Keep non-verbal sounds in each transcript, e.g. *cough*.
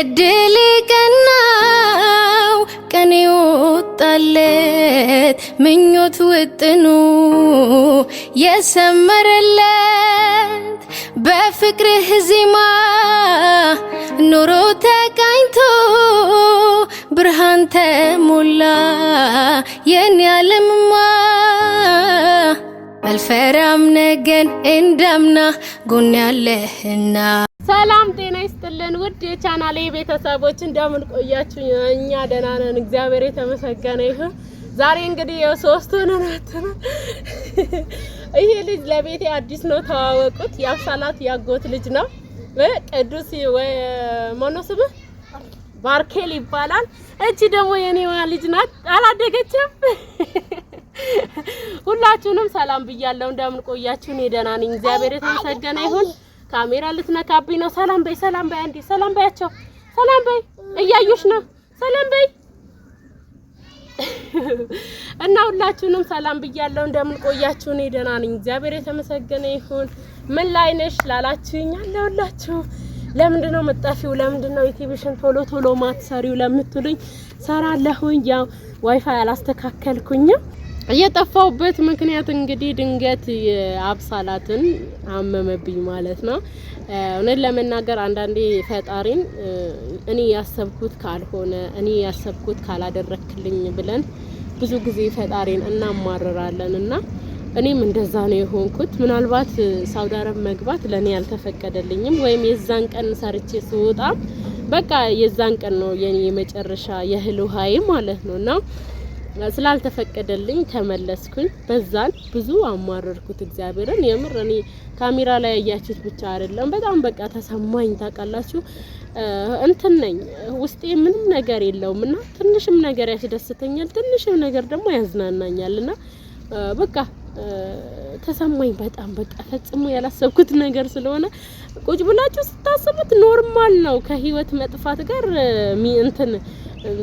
እድል ቀናው ቀን ወጣለት ምኞት ውጥኑ የሰመረለት በፍቅርህ ዜማ ኑሮ ተቃኝቶ ብርሃን ተሞላ የኔ ዓለምማ አልፈራም ነገን እንዳምና ጎን ያለህና ሰላም ጤና ይስጥልን ውድ የቻናሌ ቤተሰቦች እንደምን ቆያችሁ? እኛ ደህና ነን፣ እግዚአብሔር የተመሰገነ ይሁን። ዛሬ እንግዲህ የሶስት ነናት ይሄ ልጅ ለቤቴ አዲስ ነው፣ ተዋወቁት። የአብሳላት ያጎት ልጅ ነው። ቅዱስ ወይ ማነው ባርኬል ይባላል። እቺ ደግሞ የኔዋ ልጅ ናት፣ አላደገችም። ሁላችሁንም ሰላም ብያለሁ። እንደምን ቆያችሁ? እኔ ደህና ነኝ፣ እግዚአብሔር የተመሰገነ ይሁን። ካሜራ ልትነካብኝ ነው። ሰላም በይ፣ ሰላም በይ፣ አንዴ ሰላም በያቸው፣ ሰላም በይ፣ እያዩሽ ነው፣ ሰላም በይ። *laughs* እና ሁላችሁንም ሰላም ብያለሁ። እንደምን ቆያችሁ? እኔ ደህና ነኝ፣ እግዚአብሔር የተመሰገነ ይሁን። ምን ላይ ነሽ ላላችሁኝ አለሁላችሁ። ለምንድን ነው መጣፊው? ለምንድን ነው የቲቪሽን ቶሎ ቶሎ ማትሰሪው ለምትሉኝ ሰራለሁኝ። ያው ዋይፋይ አላስተካከልኩኝም የጠፋውበት ምክንያት እንግዲህ ድንገት አብሳላትን አመመብኝ ማለት ነው። እውነት ለመናገር አንዳንዴ ፈጣሪን እኔ ያሰብኩት ካልሆነ እኔ ያሰብኩት ካላደረክልኝ ብለን ብዙ ጊዜ ፈጣሪን እናማርራለን እና እኔም እንደዛ ነው የሆንኩት። ምናልባት ሳውዲ አረብ መግባት ለእኔ ያልተፈቀደልኝም ወይም የዛን ቀን ሰርቼ ስወጣ በቃ የዛን ቀን ነው የኔ የመጨረሻ የእህል ውሃዬ ማለት ነው እና ስላልተፈቀደልኝ ተመለስኩኝ። በዛን ብዙ አማረርኩት እግዚአብሔርን። የምር እኔ ካሜራ ላይ ያያችሁት ብቻ አይደለም፣ በጣም በቃ ተሰማኝ። ታውቃላችሁ እንትን ነኝ ውስጤ ምንም ነገር የለውም እና ትንሽም ነገር ያስደስተኛል፣ ትንሽም ነገር ደግሞ ያዝናናኛል እና በቃ ተሰማኝ በጣም በቃ ፈጽሞ ያላሰብኩት ነገር ስለሆነ ቁጭ ብላችሁ ስታስቡት ኖርማል ነው ከህይወት መጥፋት ጋር እንትን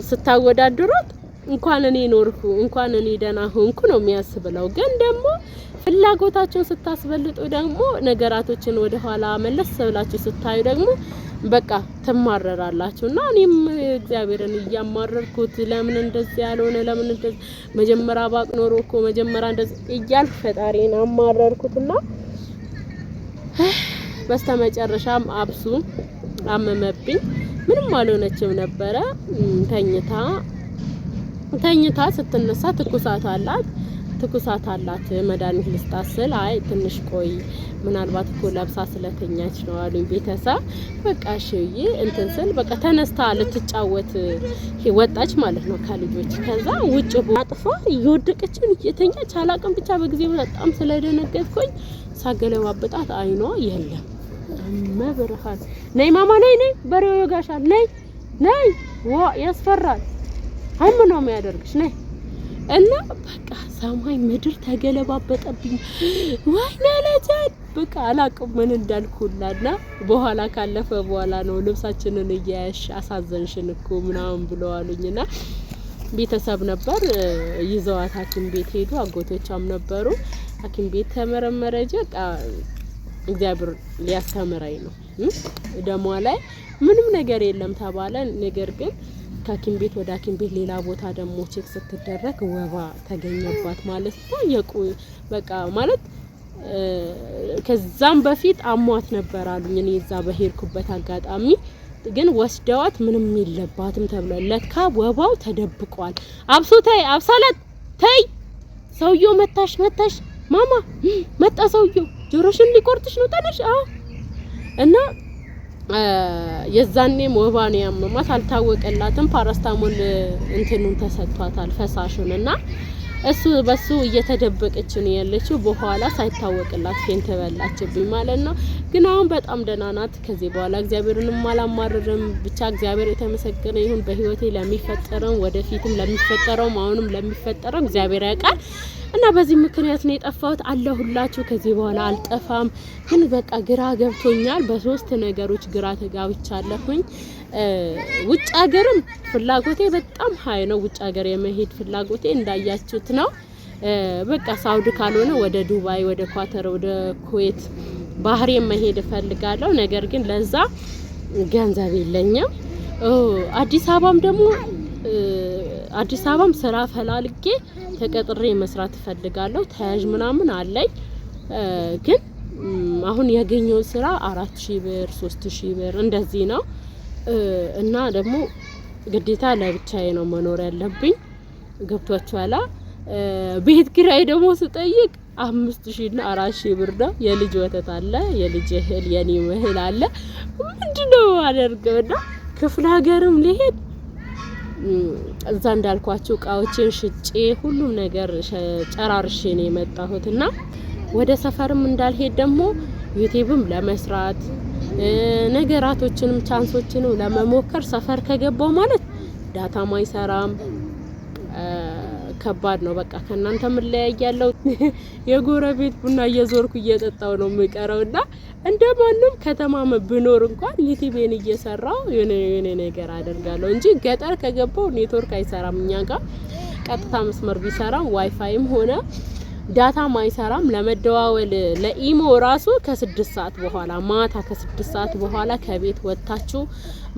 ስታወዳድሩት እንኳን እኔ ኖርኩ እንኳን እኔ ደህና ሆንኩ ነው የሚያስብለው። ግን ደግሞ ፍላጎታችሁን ስታስበልጡ ደግሞ ነገራቶችን ወደ ኋላ መለስ ብላችሁ ስታዩ ደግሞ በቃ ትማረራላችሁ። እና እኔም እግዚአብሔርን እያማረርኩት ለምን እንደዚህ ያልሆነ ለምን እንደዚህ መጀመሪያ ባቅ ኖሮ እኮ መጀመሪያ እንደዚህ እያልኩ ፈጣሪን አማረርኩትና በስተመጨረሻም አብሱ አመመብኝ። ምንም አልሆነችም ነበረ ተኝታ ተኝታ ስትነሳ ትኩሳት አላት ትኩሳት አላት። መድኃኒት ልስጣት ስል አይ ትንሽ ቆይ ምናልባት እኮ ለብሳ ስለተኛች ነው አሉኝ ቤተሰብ። በቃ እሺ ብዬ እንትን ስል በቃ ተነስታ ልትጫወት ወጣች ማለት ነው ከልጆች። ከዛ ውጭ አጥፋ እየወደቀችን የተኛች አላቅም። ብቻ በጊዜ በጣም ስለደነገጥኩኝ ሳገለባብጣት አይኗ የለም መብርሃን ነይ ማማ ነይ ነይ፣ በሬው ይወጋሻል፣ ነይ ነይ፣ ዋ ያስፈራል አምኖ ነው የሚያደርግሽ ነይ እና በቃ ሰማይ ምድር ተገለባበጠብኝ። ወይ ለለጀን በቃ አላቅም ምን እንዳልኩላና በኋላ ካለፈ በኋላ ነው ልብሳችንን እያያሽ አሳዘንሽን እኮ ምናምን ብለው ቤተሰብ ነበር ይዘዋት ሐኪም ቤት ሄዱ። አጎቶቿም ነበሩ ሐኪም ቤት ተመረመረ። በቃ እግዚአብሔር ሊያስተምረኝ ነው። ደሟ ላይ ምንም ነገር የለም ተባለ። ነገር ግን ከሐኪም ቤት ወደ ሐኪም ቤት ሌላ ቦታ ደግሞ ቼክ ስትደረግ ወባ ተገኘባት ማለት ነው። የቁ በቃ ማለት ከዛም በፊት አሟት ነበር አሉኝ። እኔ እዛ በሄድኩበት አጋጣሚ ግን ወስደዋት ምንም የለባትም ተብሏል። ለካ ወባው ተደብቋል። አብሶ ተይ አብሳላት ተይ ሰውየው መታሽ መታሽ ማማ መጣ ሰውየው ጆሮሽን ሊቆርጥሽ ነው ተነሽ። እና የዛኔም ወባን ነው ያመማት፣ አልታወቀላትም። ፓራስታሞል እንትኑን ተሰጥቷታል ፈሳሹን እና እሱ በሱ እየተደበቀች ነው ያለችው። በኋላ ሳይታወቅላት ፌንት በላችብኝ ማለት ነው። ግን አሁን በጣም ደህና ናት። ከዚህ በኋላ እግዚአብሔርንም አላማርርም። ብቻ እግዚአብሔር የተመሰገነ ይሁን በህይወቴ ለሚፈጠረው፣ ወደፊትም ለሚፈጠረው አሁንም ለሚፈጠረው እግዚአብሔር ያውቃል። እና በዚህ ምክንያት ነው የጠፋሁት። አለሁላችሁ። ከዚህ በኋላ አልጠፋም። ግን በቃ ግራ ገብቶኛል። በሶስት ነገሮች ግራ ተጋብቻለሁኝ። ውጭ ሀገርም ፍላጎቴ በጣም ሀይ ነው። ውጭ ሀገር የመሄድ ፍላጎቴ እንዳያችሁት ነው። በቃ ሳውድ ካልሆነ ወደ ዱባይ፣ ወደ ኳተር፣ ወደ ኩዌት፣ ባህሬን መሄድ እፈልጋለሁ። ነገር ግን ለዛ ገንዘብ የለኝም። አዲስ አበባም ደግሞ አዲስ አበባም ስራ ፈላልጌ ተቀጥሬ መስራት እፈልጋለሁ። ተያዥ ምናምን አለኝ። ግን አሁን ያገኘው ስራ አራት ሺህ ብር ሶስት ሺህ ብር እንደዚህ ነው እና ደግሞ ግዴታ ለብቻዬ ነው መኖር ያለብኝ። ገብቷችኋላ? ቤት ኪራይ ደግሞ ስጠይቅ አምስት ሺህ እና አራት ሺህ ብር ነው። የልጅ ወተት አለ፣ የልጅ እህል፣ የኔ እህል አለ። ምንድነው አደርገው አደርገውና ክፍለ ሀገርም ሊሄድ እዛ እንዳልኳችሁ እቃዎችን ሽጬ ሁሉም ነገር ጨራርሼ ነው የመጣሁት እና ወደ ሰፈርም እንዳልሄድ ደግሞ ዩቲብም ለመስራት ነገራቶችንም ቻንሶችንም ለመሞከር ሰፈር ከገባው ማለት ዳታም አይሰራም፣ ከባድ ነው። በቃ ከእናንተ ምለያያለው። *laughs* የጎረቤት ቡና እየዞርኩ እየጠጣው ነው የምቀረው እና እንደ ማንም ከተማም ብኖር እንኳን ዩቲቤን እየሰራው የሆነ የሆነ ነገር አደርጋለሁ እንጂ ገጠር ከገባው ኔትወርክ አይሰራም እኛ ጋር ቀጥታ መስመር ቢሰራም ዋይፋይም ሆነ ዳታም አይሰራም። ለመደዋወል ለኢሞ ራሱ ከስድስት ሰዓት በኋላ ማታ ከስድስት ሰዓት በኋላ ከቤት ወጥታችሁ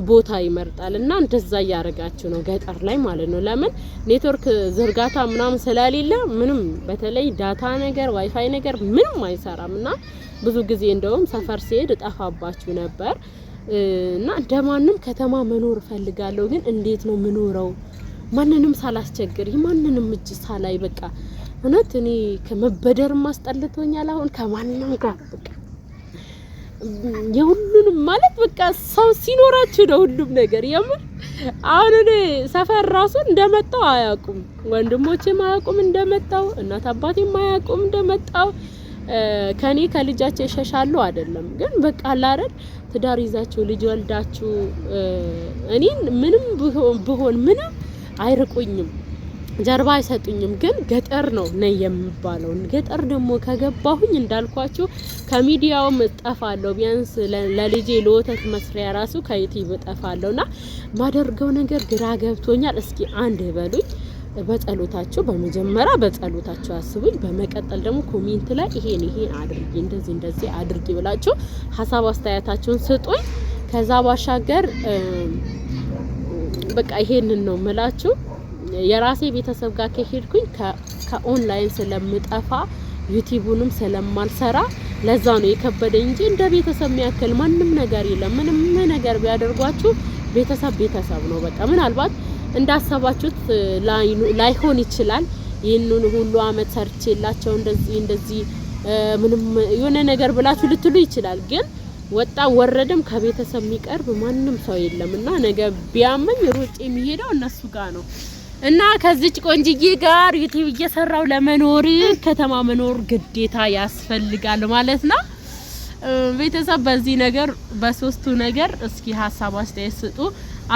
ቦታ ይመርጣል እና እንደዛ እያደረጋችሁ ነው ገጠር ላይ ማለት ነው። ለምን ኔትወርክ ዝርጋታ ምናምን ስለሌለ ምንም በተለይ ዳታ ነገር ዋይፋይ ነገር ምንም አይሰራም እና ብዙ ጊዜ እንደውም ሰፈር ሲሄድ እጠፋባችሁ ነበር እና እንደማንም ከተማ መኖር እፈልጋለሁ። ግን እንዴት ነው ምኖረው? ማንንም ሳላስቸግር ማንንም እጅ ሳላይ በቃ እውነት እኔ ከመበደር ማስጠልቶኛል። አሁን ከማንም ጋር በቃ የሁሉንም ማለት በቃ ሰው ሲኖራችሁ ነው ሁሉም ነገር የምር። አሁን እኔ ሰፈር ራሱ እንደመጣው አያውቁም፣ ወንድሞቼም አያውቁም እንደመጣው፣ እናት አባቴም አያውቁም እንደመጣው። ከኔ ከልጃቸው ይሸሻሉ አይደለም ግን በቃ ላረድ ትዳር ይዛችሁ ልጅ ወልዳችሁ እኔን ምንም ብሆን ምንም አይርቁኝም ጀርባ አይሰጡኝም። ግን ገጠር ነው ነይ የምባለው። ገጠር ደግሞ ከገባሁኝ እንዳልኳችሁ ከሚዲያውም እጠፋለሁ። ቢያንስ ለልጄ ለወተት መስሪያ ራሱ ከዩቲዩብ እጠፋለሁና ማደርገው ነገር ግራ ገብቶኛል። እስኪ አንድ በሉኝ በጸሎታቸው በመጀመሪያ በጸሎታቸው አስቡኝ። በመቀጠል ደግሞ ኮሜንት ላይ ይሄን ይሄን አድርጊ እንደዚህ እንደዚህ አድርጊ ብላችሁ ሀሳብ አስተያየታችሁን ስጡኝ። ከዛ ባሻገር በቃ ይሄንን ነው ምላችሁ። የራሴ ቤተሰብ ጋር ከሄድኩኝ ከኦንላይን ስለምጠፋ ዩቲቡንም ስለማልሰራ ለዛ ነው የከበደኝ እንጂ እንደ ቤተሰብ የሚያክል ማንም ነገር የለም። ምንም ነገር ቢያደርጓችሁ ቤተሰብ ቤተሰብ ነው። በቃ ምናልባት እንዳሰባችሁት ላይሆን ይችላል። ይህንን ሁሉ አመት ሰርቼላቸው እንደዚህ እንደዚህ ምንም የሆነ ነገር ብላችሁ ልትሉ ይችላል። ግን ወጣ ወረደም ከቤተሰብ የሚቀርብ ማንም ሰው የለም እና ነገ ቢያመኝ ሩጭ የሚሄደው እነሱ ጋር ነው። እና ከዚች ቆንጅዬ ጋር ዩቲዩብ እየሰራው ለመኖር ከተማ መኖር ግዴታ ያስፈልጋል ማለት ነው። ቤተሰብ በዚህ ነገር በሶስቱ ነገር እስኪ ሀሳብ አስተያየት ስጡ።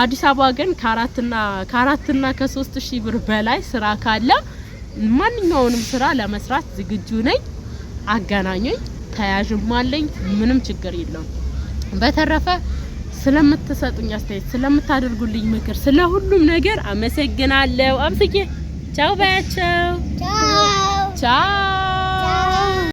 አዲስ አበባ ግን ከአራትና ከአራትና ከሶስት ሺ ብር በላይ ስራ ካለ ማንኛውንም ስራ ለመስራት ዝግጁ ነኝ። አገናኙኝ። ተያዥም አለኝ። ምንም ችግር የለውም። በተረፈ ስለምትሰጡኝ አስተያየት፣ ስለምታደርጉልኝ ምክር፣ ስለ ሁሉም ነገር አመሰግናለሁ። አብስዬ ቻው ባያቸው። ቻው ቻው